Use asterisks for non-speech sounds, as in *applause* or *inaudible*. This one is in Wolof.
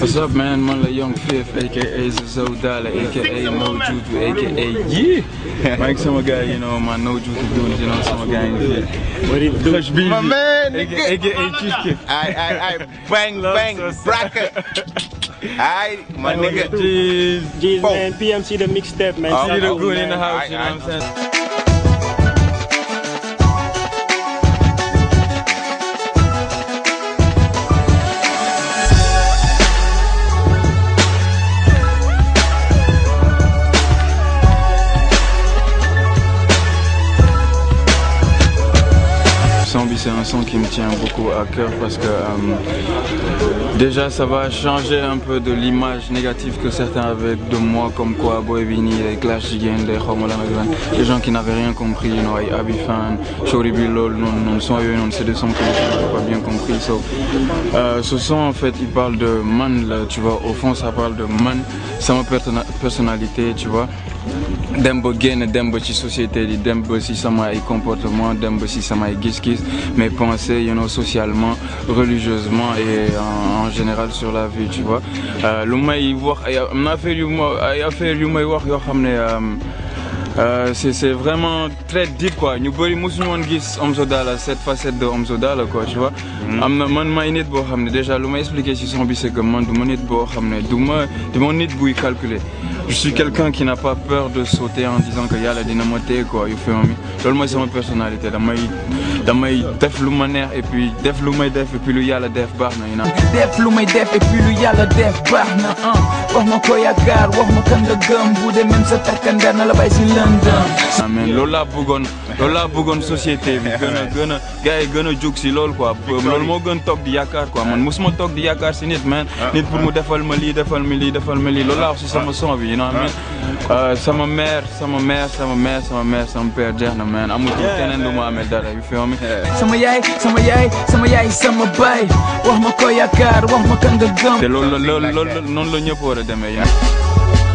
What's up man, Manla Young Fifth, aka Zazo Dala, aka No Juju, aka Yeah! *laughs* Mike Summer guy, you know, my No Juju dudes, you know, some in Yeah. What do you do? My man, nigga! AKA Cheesecake. I, I, I, bang, bang, bracket. Aight, my nigga. Jeez. Jeez, man. PMC the mixtape, man. All the good in the house, you know what I'm saying? c'est un son qui me tient beaucoup à cœur parce que euh, déjà ça va changer un peu de l'image négative que certains avaient de moi comme quoi Boevini, les Clash Gigan, les les gens qui n'avaient rien compris, you know, Abifan, Shoribi non, non, sont c'est des sons que n'avaient pas bien compris. Euh, ce son en fait il parle de man, là, tu vois, au fond ça parle de man, c'est ma personnalité, tu vois dem ba génn ci société li dem ci sama ay comportement dem ci sama ay gis-gis mes pensées you know socialement religieusement et euh, en général sur la vie tu vois euh, lu may wax ay affaire yu ay affaire yu may wax yo xamné euh, euh, c'est c'est vraiment très deep quoi ñu bëri mosuñu woon gis Omzo cette facette de Omzo Dollar quoi tu vois. Mm-hmm. amna man may nit bo xamné déjà lu may expliquer ci son bi c'est que man du ma nit boo xam du ma du nit buy calculer je suis quelqu'un qui n'a pas peur de sauter en disant qu'il y a la dynamité quoi, you feel me? Loolu c'est sama personnalité damay damay def lu ma neex et puis def lu def et puis lu yàlla def baax na ina def lu def et puis lu y def la def ah wax ma ko yaakaar wax mon kan la gëm même sa takkandeer na la bàyyi si lëndëm. amen ah, loolu bougon, bëggoon bougon société bi gën a gën juxi gars quoi loolu mo gën toog di yakar quoi man mosuma toog di yakar si nit man ah. nit pour mu defal ma li, defal ma li, defal ma li, lola laa wax si sama son know what I mean. Uh, sama mère sama mère sama mère sama mère sama père jeex na man amul ci keneen lu ma amee dara you feel me. sama yaay sama yaay sama yaay sama baay wax ma ko yaakaar wax ma kan nga gëm. te loolu la loolu la noonu la ñëpp war a demee yéen.